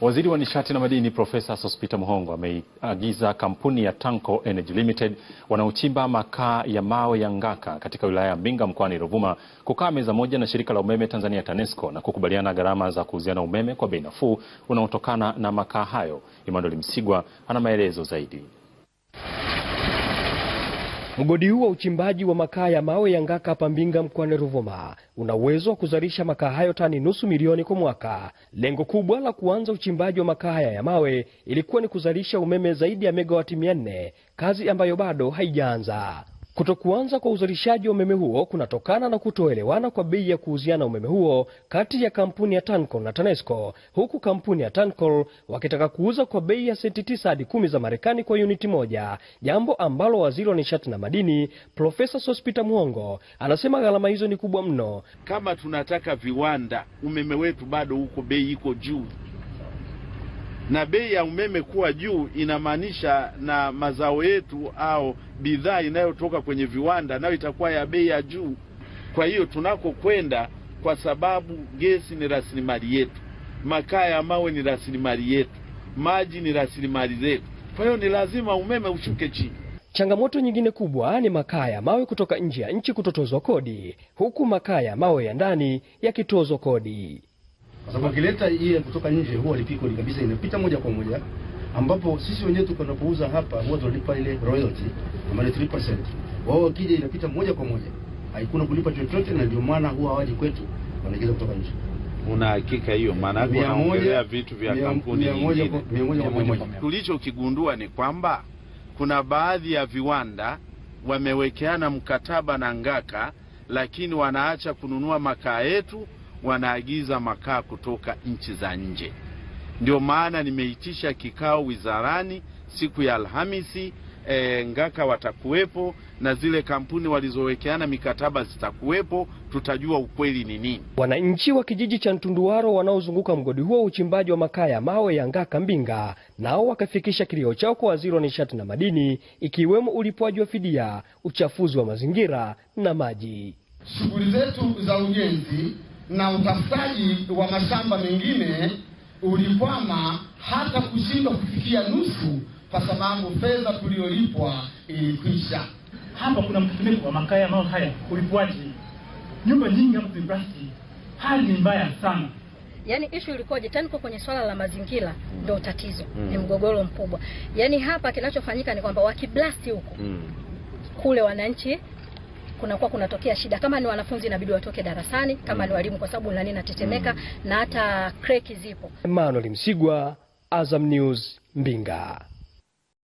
Waziri wa nishati na madini Profesa Sospeter Muhongo ameagiza kampuni ya Tanco Energy Limited wanaochimba makaa ya mawe ya Ngaka katika wilaya ya Mbinga mkoani Ruvuma kukaa meza moja na shirika la umeme Tanzania TANESCO na kukubaliana gharama za kuuziana umeme kwa bei nafuu unaotokana na makaa hayo. Emmanuel Msigwa ana maelezo zaidi. Mgodi huu wa uchimbaji wa makaa ya mawe ya Ngaka hapa Mbinga mkoani Ruvuma una uwezo wa kuzalisha makaa hayo tani nusu milioni kwa mwaka. Lengo kubwa la kuanza uchimbaji wa makaa haya ya mawe ilikuwa ni kuzalisha umeme zaidi ya megawati mia nne, kazi ambayo bado haijaanza. Kutokuanza kwa uzalishaji wa umeme huo kunatokana na kutoelewana kwa bei ya kuuziana umeme huo kati ya kampuni ya Tancol na Tanesco, huku kampuni ya Tancol wakitaka kuuza kwa bei ya senti tisa hadi kumi za Marekani kwa uniti moja, jambo ambalo waziri wa nishati na madini Profesa Sospita Muhongo anasema gharama hizo ni kubwa mno. Kama tunataka viwanda, umeme wetu bado huko, bei iko juu na bei ya umeme kuwa juu inamaanisha na mazao yetu au bidhaa inayotoka kwenye viwanda nayo itakuwa ya bei ya juu. Kwa hiyo tunakokwenda, kwa sababu gesi ni rasilimali yetu, makaa ya mawe ni rasilimali yetu, maji ni rasilimali zetu. Kwa hiyo ni lazima umeme ushuke chini. Changamoto nyingine kubwa ni makaa ya mawe kutoka nje ya nchi kutotozwa kodi, huku makaa ya mawe ya ndani yakitozwa kodi kwa sababu akileta hii kutoka nje huwa lipiko kabisa inapita moja kwa moja, ambapo sisi wenyewe tunapouza hapa huwa tunalipa ile royalty ambayo 3%, wao wakija inapita moja kwa moja, haikuna kulipa chochote, na ndio maana huwa hawaji kwetu, wanaingiza kutoka nje. Una hakika hiyo? Maana wanaongelea vitu vya kampuni nyingine. Tulichokigundua ni kwamba kuna baadhi ya viwanda wamewekeana mkataba na Ngaka, lakini wanaacha kununua makaa yetu wanaagiza makaa kutoka nchi za nje. Ndio maana nimeitisha kikao wizarani siku ya Alhamisi. E, Ngaka watakuwepo na zile kampuni walizowekeana mikataba zitakuwepo, tutajua ukweli ni nini. Wananchi wa kijiji cha Ntunduwaro wanaozunguka mgodi huo uchimbaji wa makaa ya mawe ya Ngaka Mbinga nao wakafikisha kilio chao kwa waziri wa nishati na madini, ikiwemo ulipwaji wa fidia, uchafuzi wa mazingira na maji. Shughuli zetu za ujenzi na utafutaji wa mashamba mengine ulikwama hata kushindwa kufikia nusu, kwa sababu fedha tuliyolipwa ilikwisha. Hapa kuna mtetemeko wa makaa ya mawe haya ulipoaje? Nyumba nyingi hapo zimebaki, hali ni mbaya sana. Yaani ishu ilikoje? Tena kwenye swala la mazingira mm. ndio tatizo mm. Ni mgogoro mkubwa. Yaani hapa kinachofanyika ni kwamba wakiblasti huko mm. kule wananchi kunakuwa kunatokea shida. Kama ni wanafunzi inabidi watoke darasani, kama ni mm. walimu, kwa sababu nani natetemeka mm. na hata kreki zipo. Emmanuel Msigwa, Azam News, Mbinga.